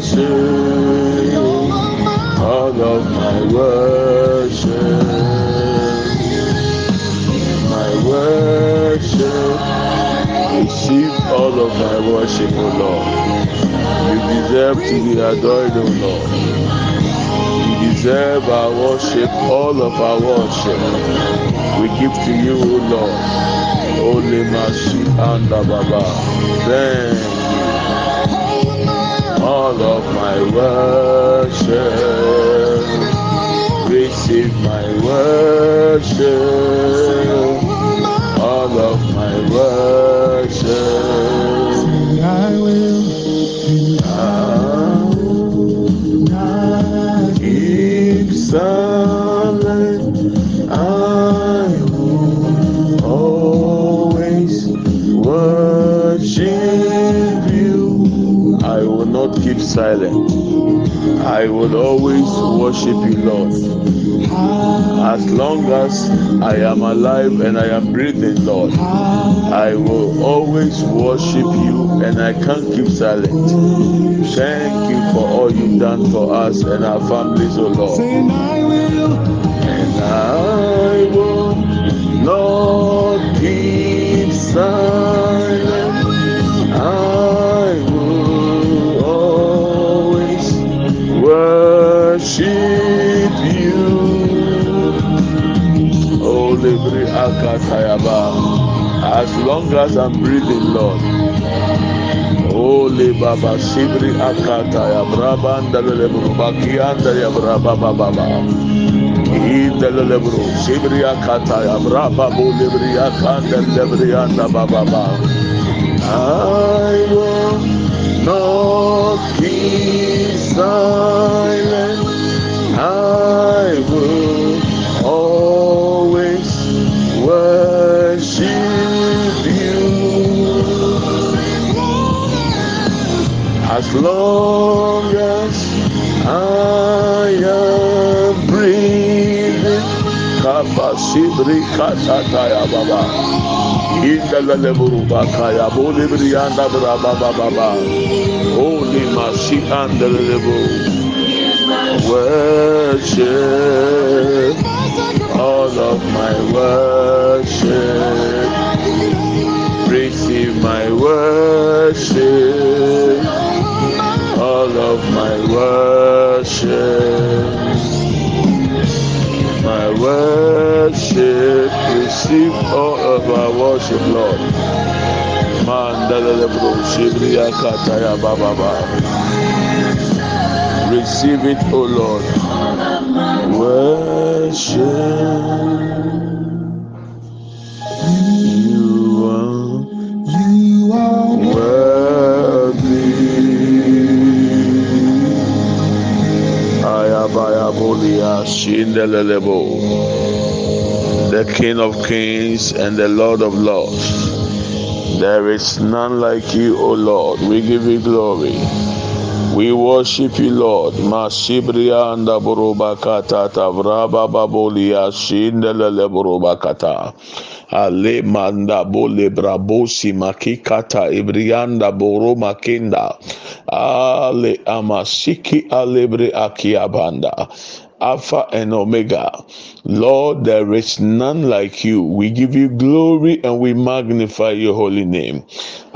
worship, all of my worship, my worship. Receive all of my worship, O Lord. You deserve to be adored, O Lord. You deserve our worship, all of our worship. We give to you, O Lord. Holy Mercy and Baba. Thanks. all of my worship. Receive my worship, all of my worship. keep silent. I will always worship you, Lord. As long as I am alive and I am breathing, Lord, I will always worship you and I can't keep silent. Thank you for all you've done for us and our families, O oh Lord. as long as I'm breathing, Lord. Holy Baba Sibri Akata Yabrabanda Lebubakianda Yabraba Baba. Indelebro Sibri Akata Yabraba Bolibri Akanda Lebrianda Baba. I will not be silent. As long as I am breathing, Kabasibri Katataya Baba. Indalaleburuba Kaya Bolibrianda Braba Baba. baba. Holy Masi Andalebo. Worship all of my worship. Receive my worship worship. My worship, receive all of our worship, Lord. Receive it, O Lord. Worship. the King of Kings and the Lord of Lords. There is none like you, O Lord. We give you glory. We worship you, Lord. Masibria and Borobakata Tavraba Babolia Shindelele Borobakata. Ale manda bole brabosi makikata ibrianda boro makinda. Ale amasiki alebre akiabanda. Alpha and Omega. Lord, there is none like you. We give you glory and we magnify your holy name.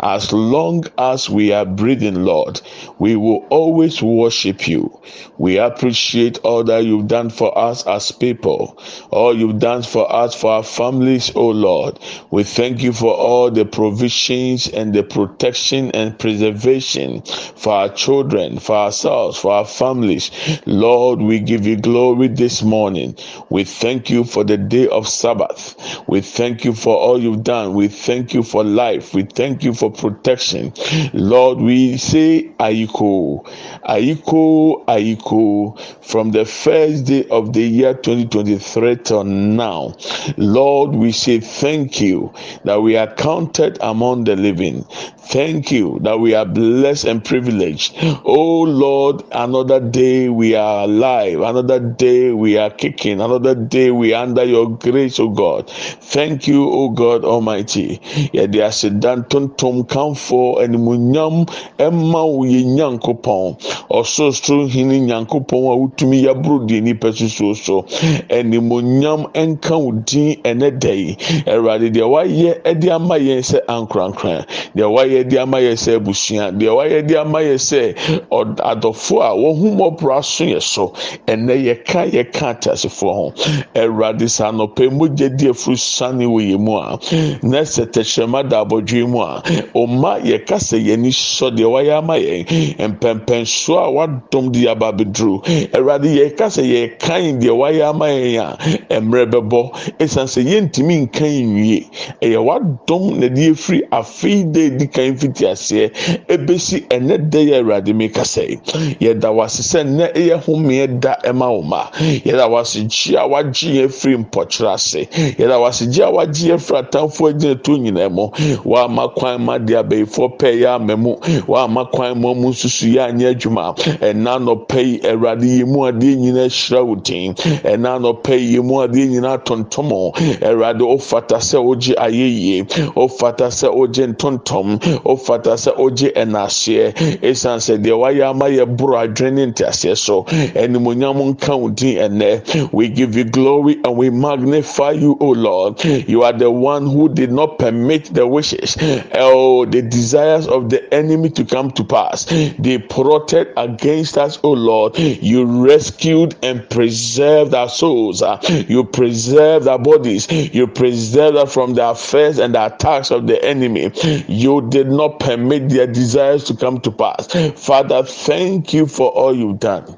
As long as we are breathing, Lord, we will always worship you. We appreciate all that you've done for us as people, all you've done for us, for our families, O oh Lord. We thank you for all the provisions and the protection and preservation for our children, for ourselves, for our families. Lord, we give you glory glory this morning. We thank you for the day of Sabbath. We thank you for all you've done. We thank you for life. We thank you for protection. Lord, we say Aiko, Aiko, Aiko from the first day of the year 2023 till now. Lord, we say thank you that we are counted among the living. Thank you that we are blessed and privileged. Oh Lord, another day we are alive, another day we are kicking, another day we are under your grace, oh God. Thank you, oh God Almighty. Yɛde asedan tuntum kanfo animunyam ɛma wo yɛ nyankopɔn ɔsorosoro hene nyankopɔn a wotumi yaburo deɛ nipa soso so animunyam ɛnka wo din ɛnɛ dɛ yi ɛwurade deɛ wayɛ ɛde ama yɛn sɛ ankorankora deɛ wayɛ wayɛ de ama yɛ sɛ abusua deɛ wayɛ de ama yɛ sɛ adɔfo a wɔn ho mɔpra so yɛ so ɛnɛ yɛka yɛka ateasefoɔ ho ɛwurade sa anɔpɛ mu gye di efuru sani wɔ yɛ mu a na sɛ tɛkyerɛma da abɔdwe mu a ɔma yɛka sɛ yɛn ani sɔ deɛ wayɛ ama yɛn mpɛmpɛnso a wadɔm de aba abɛduru ɛwurade yɛka sɛ yɛkan deɛ wayɛ ama yɛn a mmerɛ bɛbɔ esan sɛ yɛntumi nkan nwie ɛyɛ wadɔm na de efiri afei de edi kan mfiti aseɛ ebesi ɛnɛ dɛ yɛ awurade mi kasa yi yɛda wase sɛ nnɛ ɛyɛ homeɛ da ɛma wo ma yɛda wase gye a wagye yɛ firi mpɔkyerɛ ase yɛda wase gye a wagye yɛ firi atamfoɔ agyina to nyinaa mu wama kwan ma de abɛyifoɔ pɛ yɛ ama mu wama kwan ma mu nsusu yɛ anyɛ adwuma ɛna anɔpɛ yi awurade yɛ mu adeɛ nyinaa hyira wo din ɛna anɔpɛ yi yɛ mu adeɛ nyinaa tontɔn awurade ofata sɛ ogye ayɛ yie ofata sɛ ogye ntontom ofata sɛ ogye ɛnaaseɛ esan sɛ deɛ wayɛ ama yɛ boro adwene ne nteaseɛ so ɛnumonyam nka wo din ɛnɛ we give you glory and we magnify you o lord you are the one who did not permit the wishes oh the desires of the enemy to come to pass they plotted against us o lord you rescued and preserved our souls you preserved our bodies you preserved us from the affairs and the attacks of the enemy you did did not permit their desires to come to pass. Father, thank you for all you've done.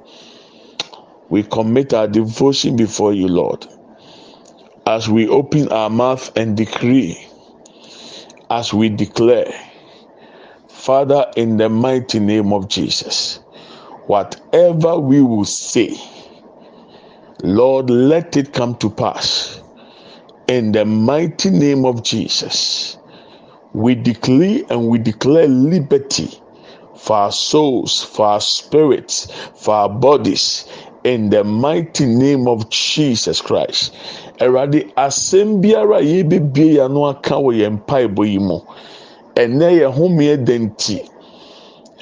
We commit our devotion before you, Lord, as we open our mouth and decree, as we declare. Father, in the mighty name of Jesus, whatever we will say, Lord, let it come to pass. In the mighty name of Jesus. we declare and we declare liberty for our souls, for our spirits, for our bodies, in the mighty name of Jesus Christ. Awurade asɛm biara a yɛbɛbie yɛn ano aka wɔ yɛn mpaebɔ yi mu ɛnɛ yɛn ho mmea da nti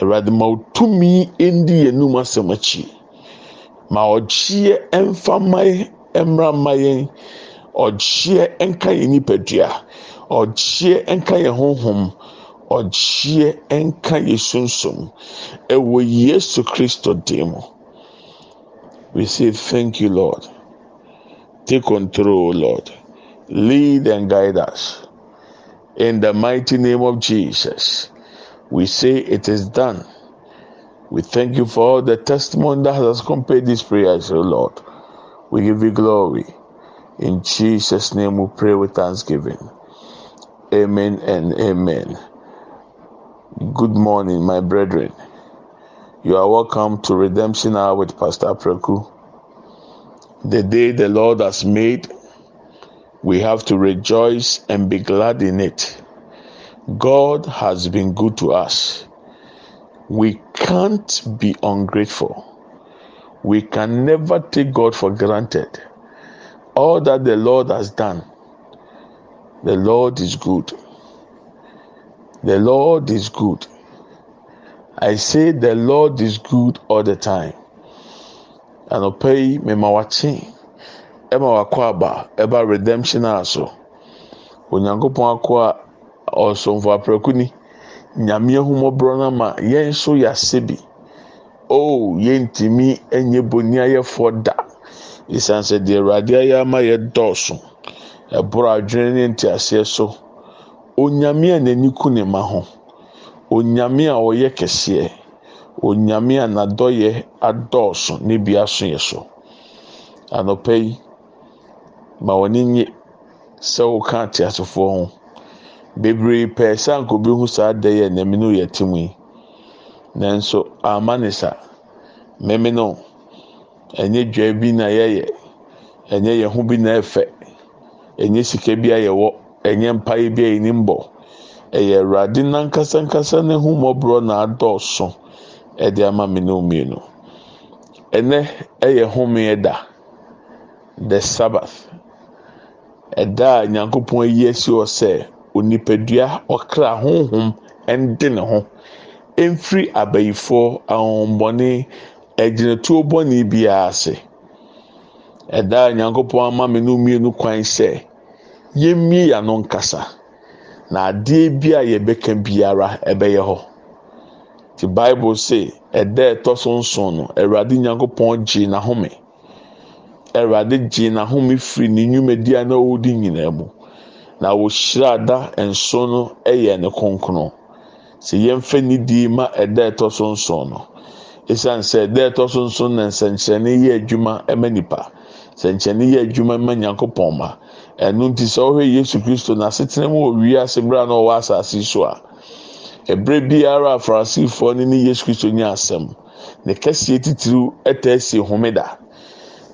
awurade ma otumi ndi yɛn num asɛm akyi ma ɔgyeɛ mfa mma yɛn mmra mma yɛn ɔgyeɛ nka yɛn nipadua. ɔgyeɛ nka yɛn honhom ɔgyeɛ nka yɛn sunsun ɛwɔ yesu kristo we say thank you lord take control lord lead and guide us in the mighty name of jesus we say it is done we thank you for all the testimony that has accompanied these prayers o lord we give you glory in jesus name we pray with thanksgiving Amen and amen. Good morning, my brethren. You are welcome to Redemption Hour with Pastor Preku. The day the Lord has made, we have to rejoice and be glad in it. God has been good to us. We can't be ungrateful. We can never take God for granted. All that the Lord has done, The Lord is good. The Lord is good. I say the Lord is good all the time. Anɔpa yi me wakye ɛma wakɔ aba ɛba redemption a so. Onyankopɔn akɔ a ɔsomfo aprɛko ni. Nyame ahumɔborɔ no ama yɛn nso yɛase bi. Oo oh, yɛntumi ɛnyɛ bonni ayɛfoɔ da. Esan sɛ deɛ Awurade ayɛ ama yɛ ɛboro adwene ne nteaseɛ so onyame a n'ani ku ne ma ho onyame a ɔyɛ kɛseɛ onyame a n'adɔyɛ adɔɔso ne bi aso yɛ so anɔpɛ yi ma wɔn nye sɛ wɔka ateasefoɔ ho bebree pɛɛ sɛ ankobi ho saa da yɛ nɛmi no yɛ ti mu yi nanso ama ne sa mɛmi no ɛnyɛ dwa bi na yɛyɛ ɛnyɛ yɛn ho bi na ɛfɛ. ɛnyɛ sika bi a yɛwɔ ɛnyɛ mpaeɛ bi a yɛnim bɔ ɛyɛ awurade nankasankasa ne ho mmɔborɔ na adɔɔso ɛde ama me no mmienu ɛnɛ ɛyɛ homeɛ da the sabbath ɛda a nyankopɔn ayi asi hɔ sɛ onipadua ɔkra honhom ɛnde ne ho ɛmfiri abayifoɔ ahohommɔne agyinatuo bɔne biara ase. ɛda nyankopɔn ama me no mmienu kwan sɛ yɛmmie yɛn nkasa na adeɛ bi a yɛbɛka biara ɛbɛyɛ hɔ ti bible se ɛda ɛtɔ so nson no awurade nyankopɔn gye n'ahome awurade gye n'ahome firi ne nnwumadi a na ɔredi nyinaa mu na wɔhyira ada nson no ɛyɛ ne kronkron sɛ yɛmfa nidie ma ɛda ɛtɔ so nson no esiane sɛ ɛda ɛtɔ so nson na nsɛnkyerɛnne yɛ adwuma ɛma nipa. sɛ nkyɛnni yɛ adwuma ma nyankopɔn ma ɛnu nti sɛ ɔhwɛ yesu kristo n'asetena mu wɔ wiase bere na ɔwɔ asase so a ebere biara afarasifoɔ ne ne yesu kristo nye asɛm ne kɛseɛ titiriw ɛta esi homeda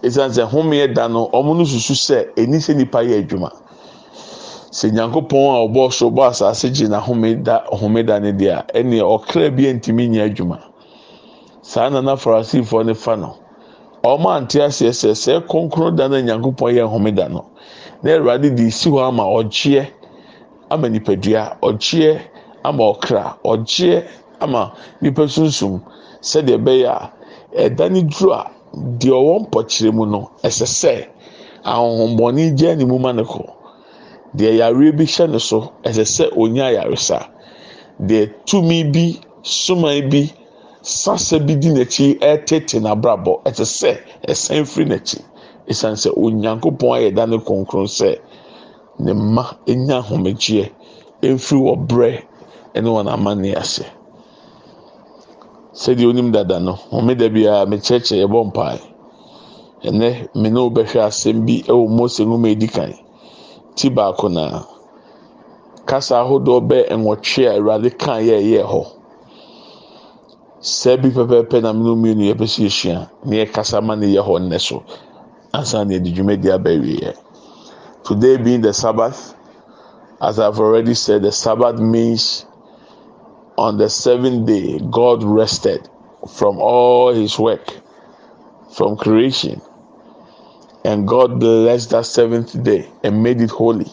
esan sɛ homeɛ da no ɔmo no susu sɛ eni sɛ nipa yɛ adwuma sɛ nyankopɔn a ɔbɔ so bɔ asase gye na homeda homeda ne deɛ ɛnneɛ ɔkra bi ntumi nyɛ adwuma saa nana afarasifoɔ ne fa no. ɔmante aseɛ sɛ sɛ kronkron da no nyankopɔn yɛ homeda no na awurade de isi hɔ ama ɔgyeɛ ama nipadua ɔgyeɛ ama ɔkra ɔgyeɛ ama nipa sunsum sɛdeɛ ɛbɛyɛ a ɛda ne a dị ɔwɔ mpɔkyerɛ mụ no ɛsɛ sɛ ahohombɔne gye ne mu ma ne bi hyɛ ne so ɛsɛ sɛ onya ayaresa deɛ tumi bi suman bi sasa bi di n'akyi ɛtete e n'abrabɔ ɛte e sɛ ɛsɛn e firi n'akyi esan sɛ onyankopɔn ayɛ da ne kronkron sɛ ne mma enya ahomegyeɛ efiri wɔ brɛ ɛne wɔn amanne ase sɛdeɛ onim dada no homeda biara mekyerɛkyerɛ yɛbɔ mpae ɛnɛ mene wobɛhwɛ asɛm bi ɛwɔ mose nwoma edi kan ti baako na kasa ahodoɔ bɛ nwɔtwe a awurade kan yɛ ɛyɛ hɔ. sɛbi pɛpɛɛpɛ na mmienu yɛ kasa ma yɛ hɔ nnɛ so yɛde dwuma di aba today being the sabbath as i have already said the sabbath means on the seventh day god rested from all his work from creation and god blessed that seventh day and made it holy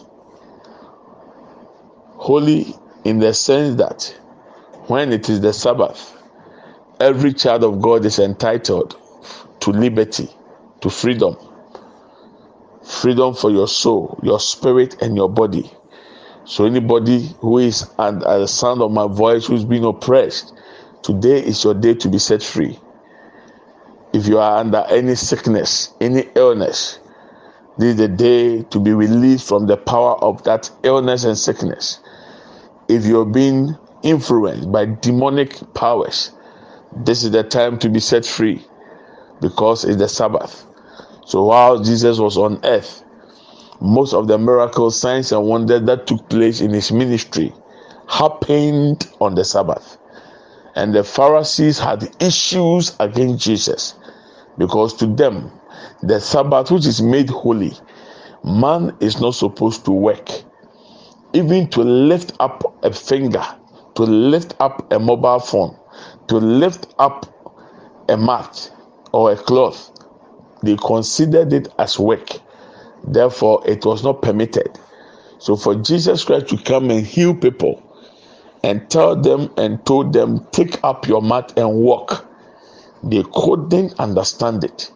holy in the sense that when it is the sabbath every child of God is entitled to liberty, to freedom. Freedom for your soul, your spirit, and your body. So, anybody who is at the sound of my voice who's being oppressed, today is your day to be set free. If you are under any sickness, any illness, this is the day to be released from the power of that illness and sickness. If you're being influenced by demonic powers, this is the time to be set free because it's the Sabbath. So while Jesus was on earth, most of the miracles, signs, and wonders that took place in his ministry happened on the Sabbath. And the Pharisees had issues against Jesus because to them, the Sabbath, which is made holy, man is not supposed to work. Even to lift up a finger, to lift up a mobile phone, to lift up a mat or a cloth, they considered it as work. Therefore, it was not permitted. So, for Jesus Christ to come and heal people and tell them and told them, take up your mat and walk, they couldn't understand it.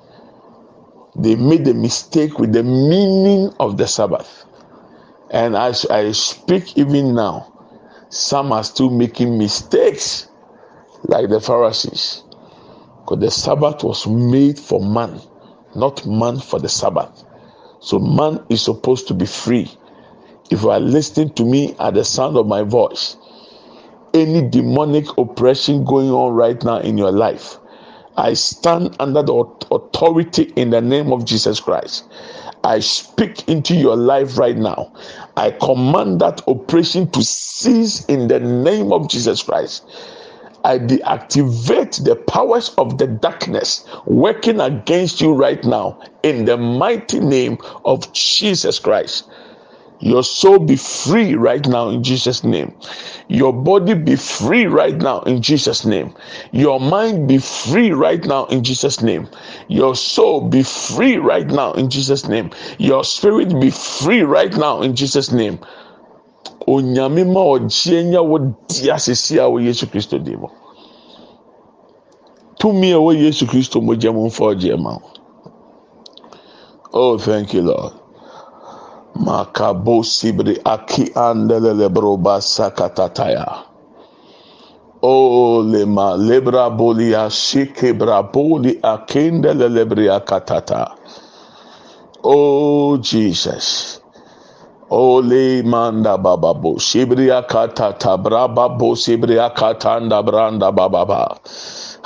They made a mistake with the meaning of the Sabbath. And as I speak, even now, some are still making mistakes like the Pharisees. Because the Sabbath was made for man, not man for the Sabbath. So man is supposed to be free. If you are listening to me at the sound of my voice, any demonic oppression going on right now in your life, I stand under the authority in the name of Jesus Christ. I speak into your life right now. I command that oppression to cease in the name of Jesus Christ. I deactivate the powers of the darkness working against you right now in the mighty name of Jesus Christ. Your soul be free right now in Jesus' name. Your body be free right now in Jesus' name. Your mind be free right now in Jesus' name. Your soul be free right now in Jesus' name. Your spirit be free right now in Jesus' name. onyame ma ɔgyeɛ nya wo di asese a wɔ yesu kristo di mu tumi a wɔ yesu kristo mu gya mu nfa ɔgyeɛ ma oh thank you lord makabo sibiri aki andelele broba sakatataya oh lema lebra boli ashike braboli akendelele bria katata oh jesus. Ole manda bababo shibriya kata tabraba bo kata nda branda bababa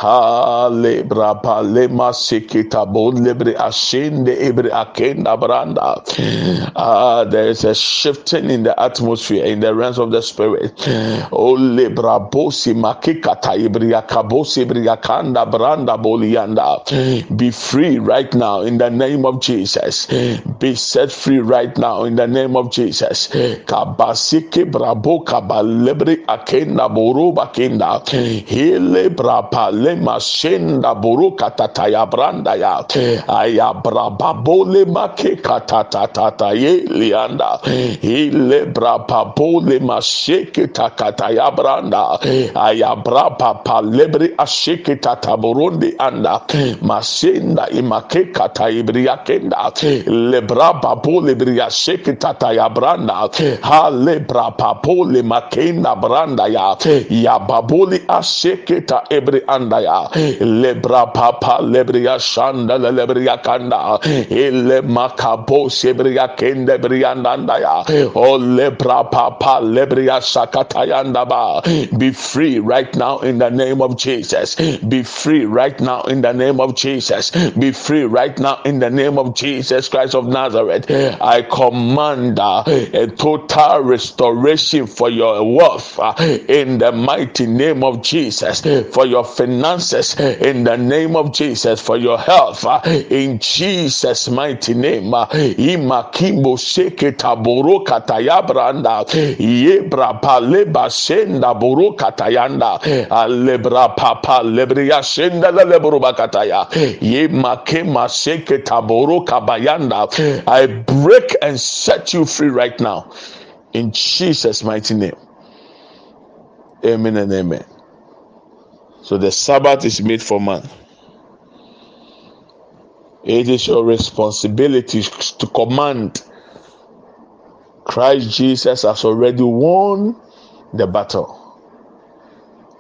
ha lebra pa lema sikita bon lebre ashende ebre akenda branda hmm. ah there is a shifting in the atmosphere in the realms of the spirit hmm. oh lebra bosi makikata ibria kabosi ibria kanda branda bolianda hmm. be free right now in the name of Jesus be set free right now in the name of Jesus kabasike brabo kabalebre akenda boruba kenda hele brapa le shenda buru katata ya branda ya eh. ayabrababole make tata ye lianda eh. ilebrababole masheke takata ya branda eh. ayabrababa lebre asheke burundi anda mashenda imake kata ibria kenda lebrababole bria sheke tata ya branda halebrababole makenda branda ya ya baboli asheke ta ebre anda kandaya lebra papa lebria shanda lebria kanda ele makabo sebria kende briandandaya o lebra papa lebria sakatayanda ba be free right now in the name of Jesus be free right now in the name of Jesus be free right now in the name of Jesus Christ of Nazareth I command uh, a total restoration for your wealth uh, in the mighty name of Jesus for your financial finances in the name of Jesus, for your health uh, in Jesus' mighty name. Uh, Imakimbo seketa boroka tayabranda yebra paleba senda boroka tayanda alebra papa lebria senda leboroba kataya yemakema seketa boroka bayanda. I break and set you free right now in Jesus' mighty name. Amen and amen. So the Sabbath is made for man. It is your responsibility to command. Christ Jesus has already won the battle.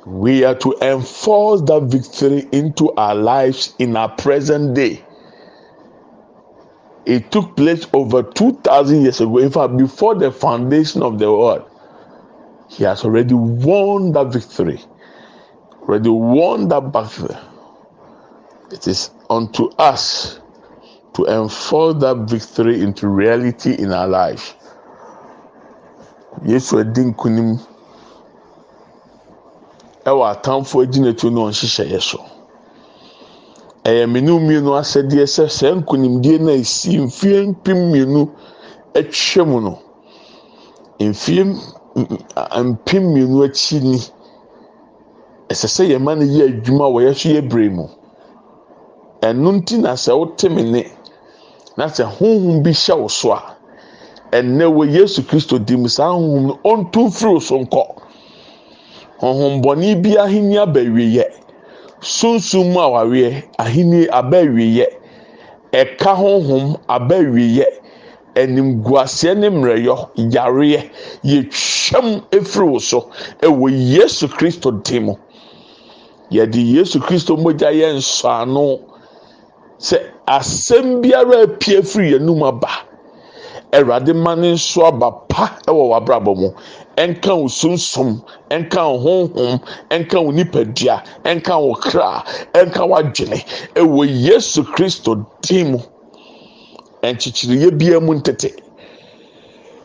We are to enforce that victory into our lives in our present day. It took place over 2,000 years ago. In fact, before the foundation of the world, He has already won that victory. Where the one that backed It is unto us to enforce that victory into reality in our life. Yesu adi nkunim ɛwɔ atamfo agyinatuo na ɔnhyehyɛeɛ so. Ɛyɛ mmienu mmienu asɛdeɛ sɛ sɛ nkunimdie na esi mfie mpem mmienu atwa mu no mfie mpem mmienu akyi ni ɛsɛ sɛ yɛn ma no yɛ adwuma wɔ yɛso yɛ bere mu ɛno nti na sɛ wote me ne na sɛ honhom bi hyɛ wo so a ɛnɛ wɔ yesu kristo di mu saa honhom no ɔntu mfiri wo so nkɔ honhom bɔne bi ahenni aba awieɛ sunsun mu awareɛ ahenni aba awieɛ ɛka honhom aba awieɛ ne mmerɛyɔ yareɛ yɛtwam efiri wo so ɛwɔ yesu kristo di mu yɛde yesu kristo mogya yɛ nsɔ ano sɛ asɛm biara apue firi yɛnum aba awurade ma ne nso aba pa wɔ w'abrabɔ mu ɛnka wo sunsom ɛnka wo honhom ɛnka wo nipadua ɛnka wo kra ɛnka w'adwene ɛwɔ yesu kristo din mu ɛnkyekyereyɛ biara mu ntete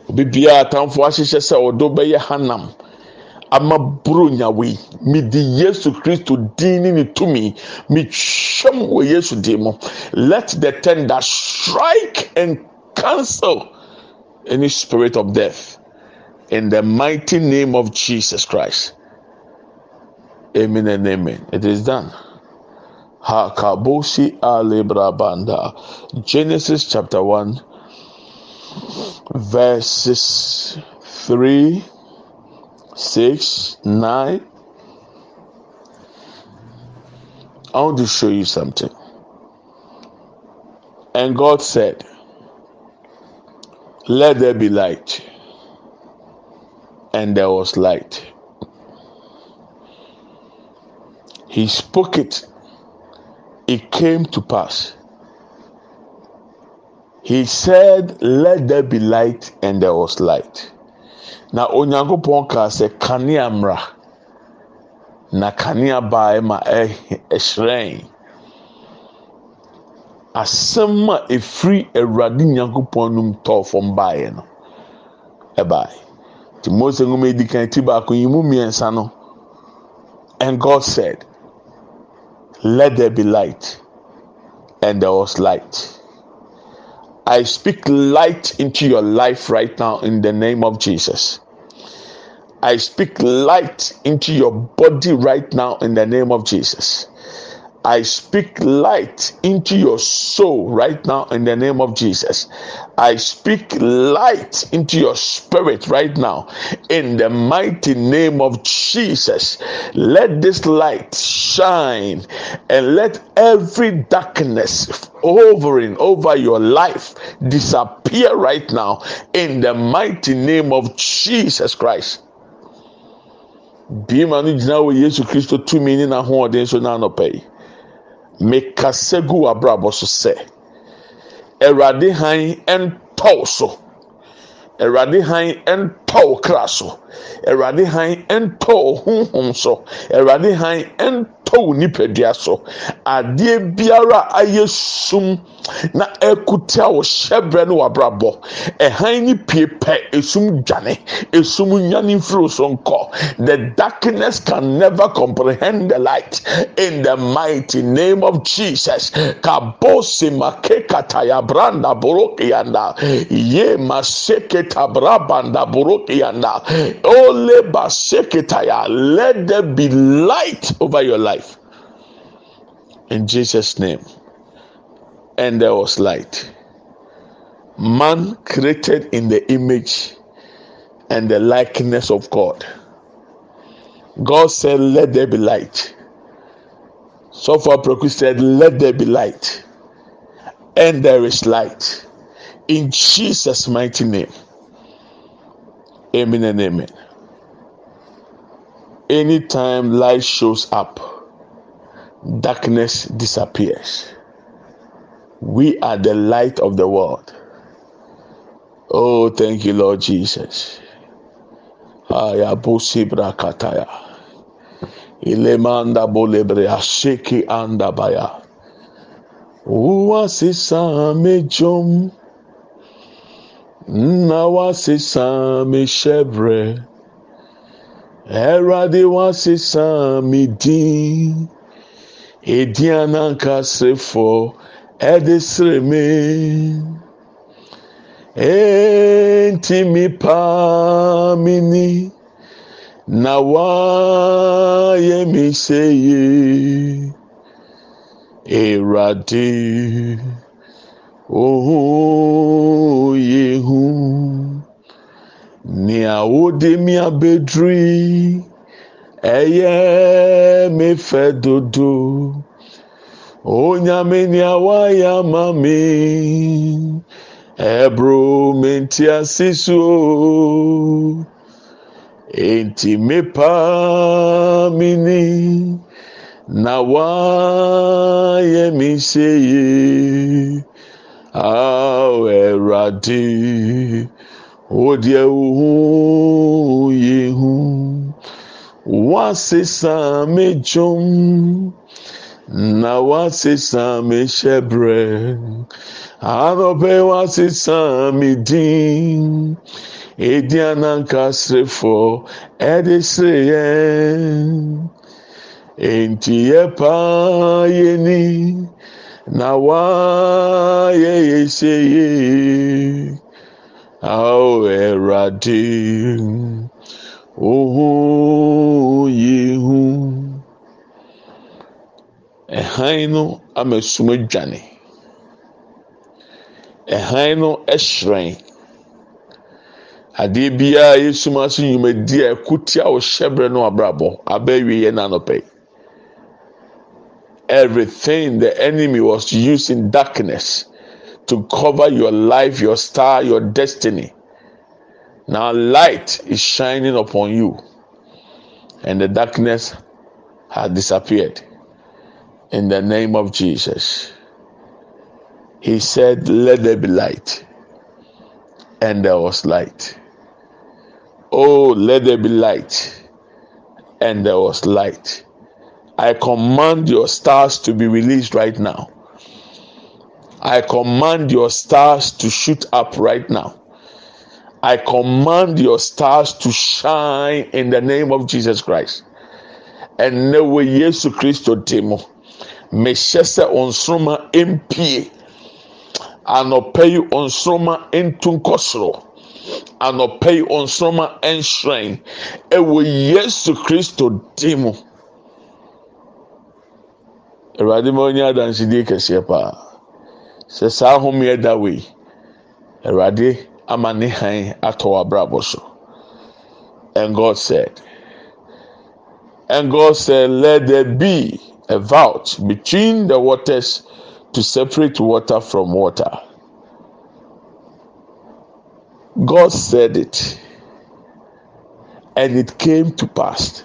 obi biara atamfoɔ ahyehyɛ sɛ ɔdo bɛyɛ hanam amaburo nyawe mede yesu kristo din ne ne tumi metwam wɔ yesu din mu let the tender strike and cancel any spirit of death in the mighty name of jesus christ amen and amen it is done Hakabosi Alebra Banda. Genesis chapter 1, verses 3 six, nine. I want to show you something. And God said, Let there be light. And there was light. He spoke it, it came to pass. He said, Let there be light, and there was light. na onyankopɔn kaa sɛ kanea mmra na kanea baa ma ɛhyerɛn asɛm a ɛfiri awurade nyankopɔn nom tɔɔ fam baeɛ no ɛbae nti mose nwoma edi kan ti baako yi mu mmiɛnsa no and god said let there be light and there was light. I speak light into your life right now in the name of Jesus. I speak light into your body right now in the name of Jesus. I speak light into your soul right now in the name of Jesus. I speak light into your spirit right now in the mighty name of Jesus. Let this light shine and let every darkness hovering over your life disappear right now in the mighty name of Jesus Christ. Bima no gyina wɔ Yesu Kristo tumi ne n'ahoɔden so no pay. mekasa gu w'abrabɔ so sɛ awurade han ntɔw so awurade han ntɔw ntɔ wo kra so awurade hann ntɔ wo honhom so awurade hann ntɔ wo nipadua so adeɛ biara ayɛ sum na ɛkuta wo hyɛbrɛ ne wabrabɔ ɛhan ne pie pɛ esum dwane esum nyane mfiri so nkɔ the darkness can never comprehend the light in the mighty name of jesus kabosi make kataya branda borokiyanda ye maseke tabrabanda borok Kopianda. Ole Let there be light over your life. In Jesus' name. And there was light. Man created in the image and the likeness of God. God said, Let there be light. So far, Procris said, Let there be light. And there is light. In Jesus' mighty name. Amen and amen. Anytime light shows up, darkness disappears. We are the light of the world. Oh, thank you, Lord Jesus. Ayabusi brakataya. Ilemanda bolebre ashiki andabaya. Uwasisa mejum. nna wasesa mehyɛ brɛ ɛwurade wasesa me din edin anankasefo ɛde sere me ntimi paa mi ni na wayɛ mi seye ɛwurade. Oh Yehu, miawo mi abedri, eye mi fẹ dodo, onyame ni awa ya ma mi, ebro mi ti asisu, enti mi pa mi ni, na wa ye mi se ye awurade wodeɛ wohu yi ho wasesa me dwom na wasesa me hyɛ brɛ anɔpɛ wasesa me din edi anankasrefo ɛde sere yɛn enti yɛ paa yɛ ni na wayɛ yɛsɛ yie ao ɛwurade e ohun yie hu ɛhan no ama sum adwane ɛhan no ɛhyerɛn adeɛ biara yɛsum ase nnwumadi a ɛko tia ɔhyɛbrɛ no abrabɔ abɛwie yɛ nanɔpɛ Everything the enemy was using darkness to cover your life, your star, your destiny. Now light is shining upon you, and the darkness has disappeared. In the name of Jesus, He said, Let there be light, and there was light. Oh, let there be light, and there was light. I command your stars to be released right now. I command your stars to shoot up right now. I command your stars to shine in the name of Jesus Christ. And now we Yesu Christo demo. Mehyɛ sɛ nsoma ano Anɔpɛ yi nsoma ntu nkɔsoro. Anɔpɛ yi nsoma nhyerɛn. Ɛwɔ Yesu Kristo demo awurade ma onye adansidie kɛseɛ paa sɛ saa ahomeɛ da wei awurade ama ne han atɔ w'abrabɔ so and god said and god said let there be a vault between the waters to separate water from water god said it and it came to pass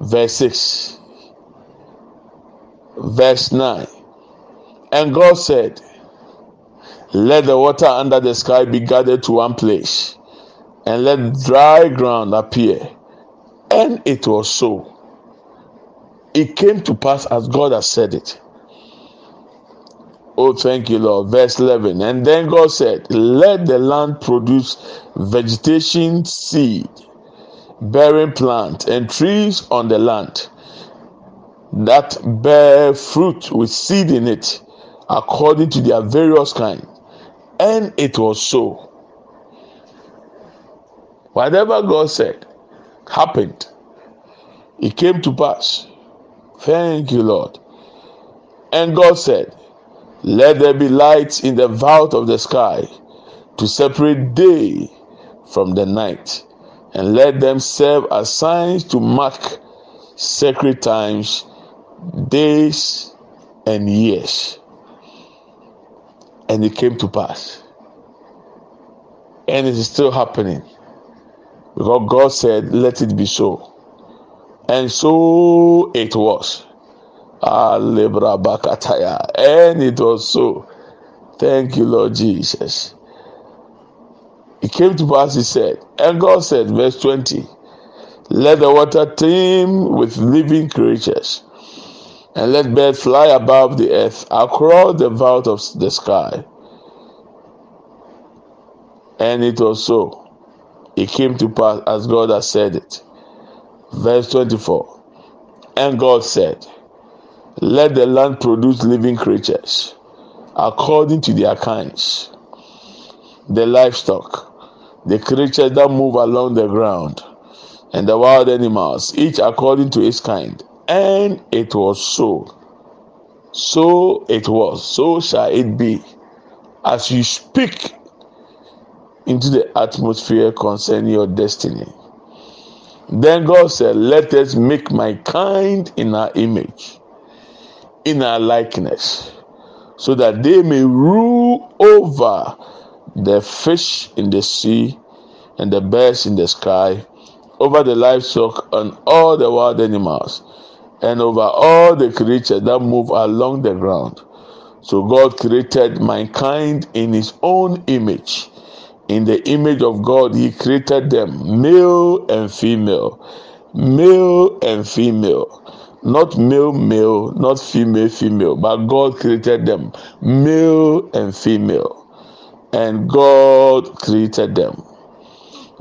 verse 6 verse 9. And God said, Let the water under the sky be gathered to one place, and let dry ground appear. And it was so. It came to pass as God has said it. Oh, thank you, Lord. Verse 11. And then God said, Let the land produce vegetation, seed, bearing plant, and trees on the land that bear fruit with seed in it according to their various kind and it was so whatever god said happened it came to pass thank you lord and god said let there be lights in the vault of the sky to separate day from the night and let them serve as signs to mark sacred times days and years. And it came to pass. And it is still happening. Because God said, Let it be so. And so it was. And it was so. Thank you, Lord Jesus. It came to pass, he said, and God said, verse 20, Let the water teem with living creatures and let birds fly above the earth across the vault of the sky. And it was so. It came to pass as God has said it. Verse 24. And God said, Let the land produce living creatures according to their kinds, the livestock, the creatures that move along the ground, and the wild animals, each according to its kind and it was so. So it was, so shall it be. As you speak into the atmosphere concerning your destiny. Then God said, Let us make my kind in our image, in our likeness, so that they may rule over the fish in the sea and the birds in the sky, over the livestock and all the wild animals and over all the creatures that move along the ground. So God created mankind in his own image. In the image of God, he created them, male and female. Male and female. Not male, male, not female, female, but God created them, male and female. And God created them.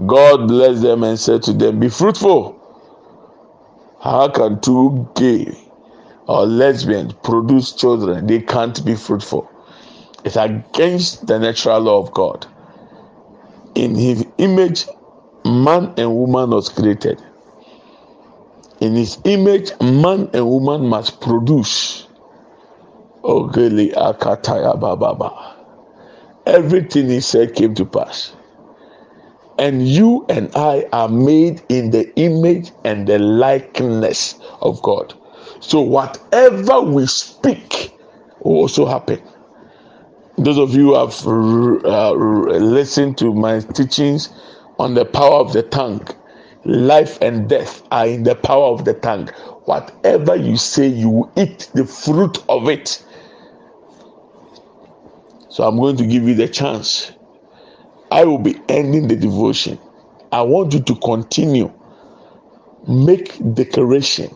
God blessed them and said to them, Be fruitful how can two gay or lesbians produce children? They can't be fruitful. It's against the natural law of God. In His image, man and woman was created. In His image, man and woman must produce. Everything He said came to pass. And you and I are made in the image and the likeness of God. So whatever we speak will also happen. Those of you who have uh, listened to my teachings on the power of the tongue, life and death are in the power of the tongue. Whatever you say, you eat the fruit of it. So I'm going to give you the chance I will be ending the devotion. I want you to continue. Make declaration,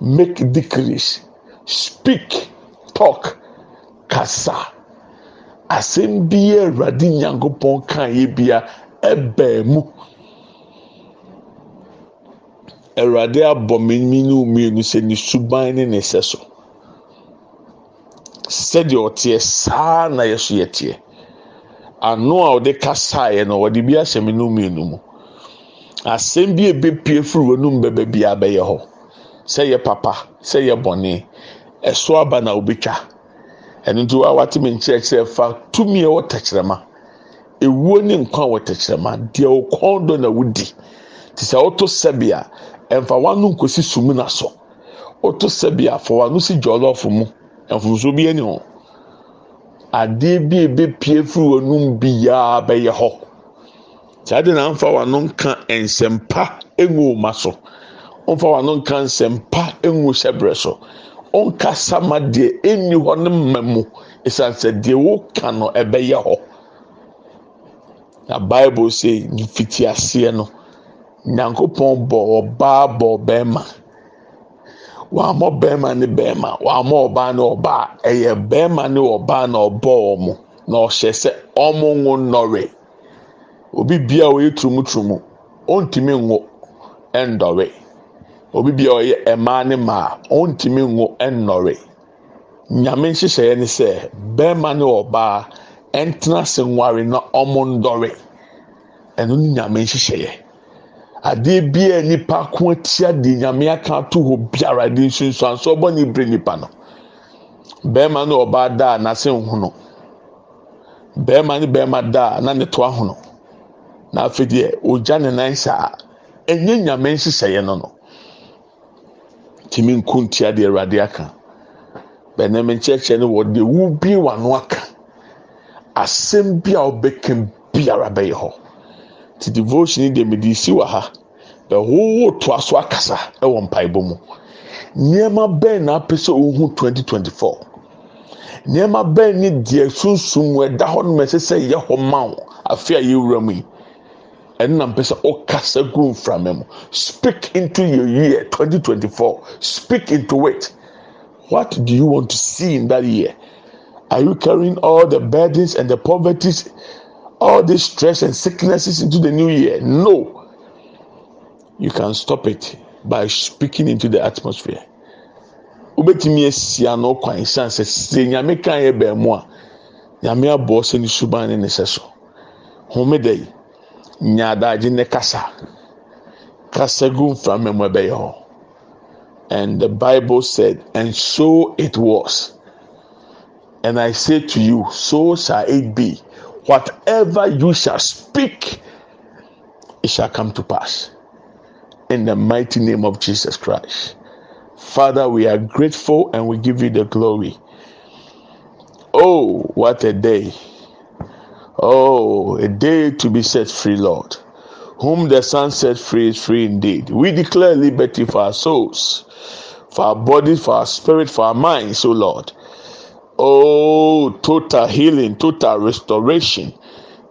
make decrees, speak, talk, kasa. Asɛm biara Awurade Nyankopɔn kan yɛ bia ɛbɛn mu. Awurade abɔ mmenu mmienu sɛ ne suban ne ne sɛ so. Sɛdeɛ ɔteɛ saa na yɛ so yɛ teɛ. ano a ɔde kasaeɛ no ɔde bi asɛm no mmienu mu asɛm bi a ebepie firi wɔn anum bɛbɛ bi abɛyɛ hɔ sɛ yɛ papa sɛ yɛ bɔnne ɛso aba na obetwa ɛno nti wa wate mi nkyerɛkyerɛ fa tumi a ɛwɔ tɛkyerɛma ewuo ne nkwa wɔ tɛkyerɛma deɛ ɔkɔn do na wodi te sɛ ɔto sɛbea ɛnfa wano nkosi sum na so ɔto sɛbea afɔ wano si gyɔlɔfo mu ɛnfunso bi ɛni hɔ. adeɛ bi a ebepie firi wɔnum biara bɛyɛ hɔ saa de na nfa wano nka nsɛmpa engu ɔma so nfa wano nka nsɛmpa engu hyɛbrɛ so nkasa ma deɛ enni hɔ ne mma mu esan sɛ deɛ woka no ɛbɛyɛ hɔ na bible sɛ mfiti aseɛ no nyankopɔn bɔ ɔbaa bɔ ɔbɛrima. wɔamɔ bɛrima ne bɛrima wɔamɔ ɔbaa ne ɔbaa ɛyɛ bɛrima ne ɔbaa na ɔbɔ wɔn na ɔhyɛ sɛ ɔmo ŋo nnɔre obi bia a ɔyɛ turumturumu ɔntumi ŋo ɛndɔre obi bia a ɔyɛ mmaa ne mmaa ɔntumi ŋo ɛnnɔre nyame nhyehyɛeɛ ne sɛ bɛrima ne ɔbaa ɛntena se nware na ɔmo ndɔre ɛno ne nyame nhyehyɛeɛ. adeɛ bi a nipa ko atia de nyame aka to hɔ biara de nsunsuan so ɔbɔ ne bere nipa no bɛrima ne ɔbaa da a n'ase nhono bɛrima ne bɛrima da a na ne to ahono na afei deɛ ogya ne nan saa enye nyame nhyehyɛeɛ no no tìmi nko ntia deɛ awurade aka bɛnɛm nkyɛnkyɛn no wɔ wubie wano aka asɛm bi a ɔbɛka biara bɛyɛ hɔ. ti devotion deɛ mede si wɔ ha ɛhoho toa so akasa ɛwɔ mpaebɔ mu nneɛma bɛn na apɛ sɛ ohu 2024 nneɛma bɛn ni deɛ sunsun mu ɛda hɔ nom ɛsɛ sɛ yɛ hɔ ma wo afe a yɛwura mu yi ɛno mpɛ sɛ ɔkasa gu mframa mu speak into your year 2024 speak into it what do you want to see in that year are you carrying all the burdens and the poverties all this stress and sicknesses into the new year. No. You can stop it by speaking into the atmosphere. Wobɛtumi esi ano kwan san sɛ sɛ nyame kan yɛ bɛn mu a nyame abɔ sɛ ne suban ne ne so. Homeda yi ne kasa kasa gu nfa mɛmɔ ɛbɛyɛ hɔ. And the bible said and so it was and I say to you so shall it be. whatever you shall speak, it shall come to pass. In the mighty name of Jesus Christ. Father, we are grateful and we give you the glory. Oh, what a day! Oh, a day to be set free, Lord. Whom the Son set free is free indeed. We declare liberty for our souls, for our bodies, for our spirit, for our minds, O oh Lord. Oh, total healing, total restoration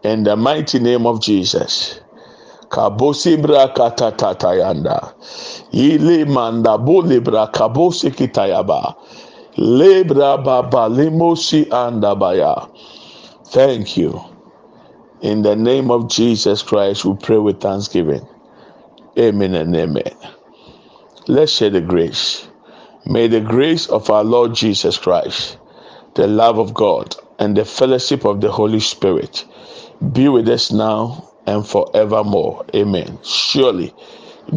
in the mighty name of Jesus. Kabosi braka tatatayanda. Ile manda bole braka bosi kitayaba. Libra baba limosi baya. Thank you. In the name of Jesus Christ, we pray with thanksgiving. Amen and amen. Let's share the grace. May the grace of our Lord Jesus Christ the love of God, and the fellowship of the Holy Spirit be with us now and forevermore. Amen. Surely,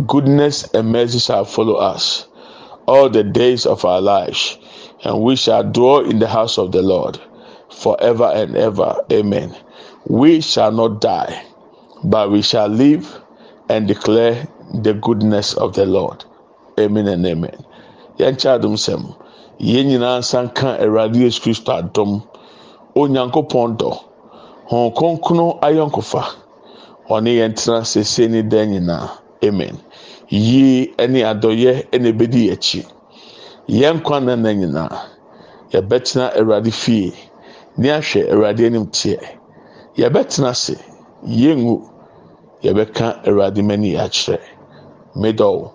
goodness and mercy shall follow us all the days of our lives, and we shall dwell in the house of the Lord forever and ever. Amen. We shall not die, but we shall live and declare the goodness of the Lord. Amen and amen. Yan chadum semu. yɛn nyinaa san ka awurade yesu kristo adɔm onyankopɔn dɔ hɔn kɔnkɔn ayɔnkofa ɔne yɛn tena sese ne dan nyinaa amen yie ɛne adɔyɛ ɛna ebedi akyi yɛn kwan na na nyinaa yɛbɛtena awurade fie ne ahwɛ awurade anim teɛ yɛbɛtena ase yɛngu yɛbɛka awurade mani akyerɛ middle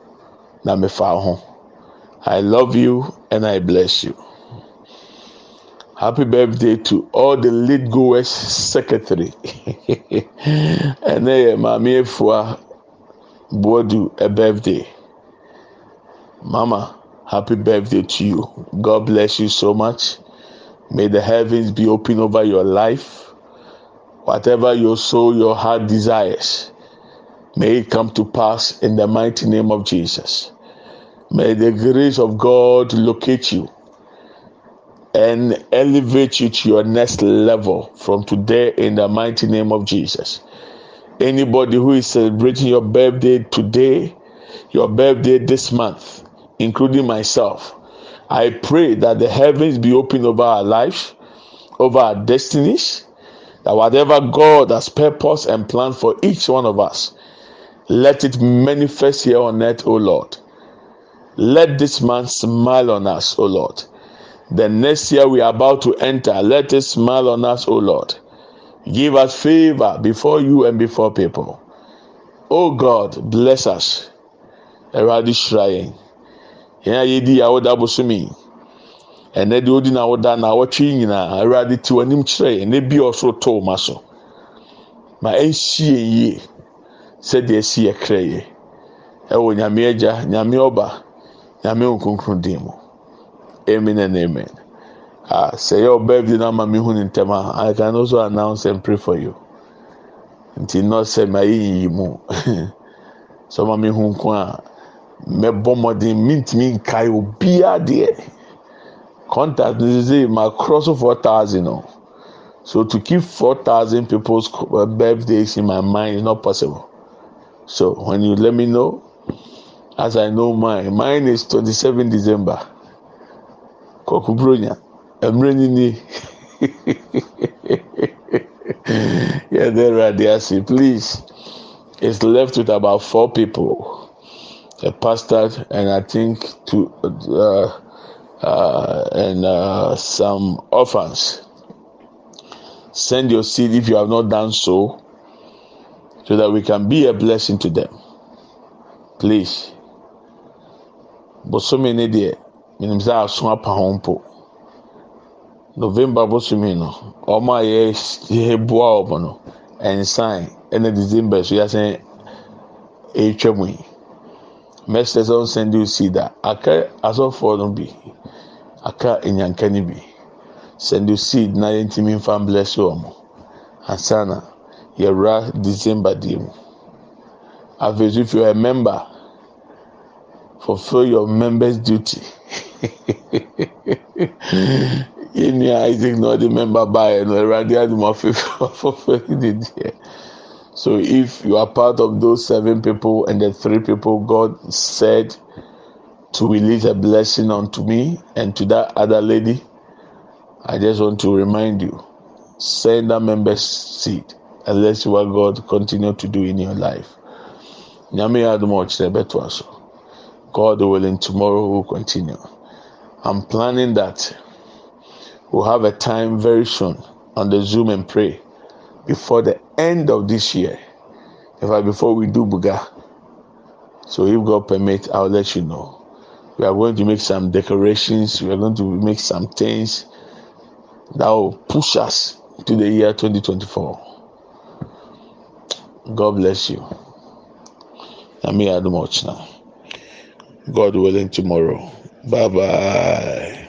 na mefa ho i love you. and I bless you. Happy birthday to all the lead goers secretary. Ẹnẹ yẹ eh, maame efua Bodu a birthday. Mama, happy birthday to you. God bless you so much. May the heavens be open over your life. Whatever your soul, your heart desires, may it come to pass in the mighty name of Jesus. May the grace of God locate you and elevate you to your next level from today in the mighty name of Jesus. Anybody who is celebrating your birthday today, your birthday this month, including myself, I pray that the heavens be open over our lives, over our destinies, that whatever God has purposed and planned for each one of us, let it manifest here on earth, O Lord. Let this month smile on us, O Lord. The next year we are about to enter, let it smile on us, O Lord. Give us favor before you and before people. O God, bless us. Eradi Shrine. Yẹn a yẹ di yàwó da bosomi. Ẹnẹ di odi na awọ da na awọtwi nyinaa. Eradi tiwa nim kyerɛ yẹn. Ẹnẹ bi ɔsoro to ma so. Ma ɛnsi yɛ yie. Sɛ deɛ ɛsi yɛ kra yɛ. Ɛwɔ nyame agya, nyame ɔba nyame nkonkron din amen and amen ah sɛ yɛ ɔbɛ bi na ama mi hu ne ntɛm a i can also announce and pray for you nti nɔ sɛ ma yi yiyi mu sɛ ɔma mi hu nko a mɛbɔ mmɔden mintimi nkae obiara deɛ contact ne sɛ ma cross four thousand o so to keep four thousand people's uh, birthdays in my mind is not possible so when you let me know. as I know mine. Mine is 27 December. Kokubronya. Emrenini. yeah, there are the Please. It's left with about four people. A pastor and I think two uh, uh, and uh, some orphans. Send your seed if you have not done so, so that we can be a blessing to them. Please. bosome ne deɛ menim sɛ aso apa ho mpo november bosome no ɔmo a yɛboa ɔmo no nsan ɛna december so yɛasan ɛretwa mu yi mɛsɛ sɛ ɔnsɛn de osi da aka asɔfoɔ no bi aka nyanka no bi sɛnde osi na yɛntumi nfa mblɛsi ɔmo ansana yɛwura december deɛ mu afei so fi hɔ ɛmɛmba. fulfill your members' duty. yẹn ni isaac náà di member báyẹn náà ẹwúrẹ́dì àdìmọ́ So if you are part of those seven people and the three people God said to release a blessing unto me and to that other lady, I just want to remind you, send a member's seed and let's see God continue to do in your life. Nyame adumo ọkyerẹ to aso. God willing, tomorrow we'll continue. I'm planning that we'll have a time very soon on the Zoom and pray before the end of this year. In fact, before we do Buga. So if God permit, I'll let you know. We are going to make some decorations. We are going to make some things that will push us to the year 2024. God bless you. i me add much now. God willing, tomorrow. Bye bye.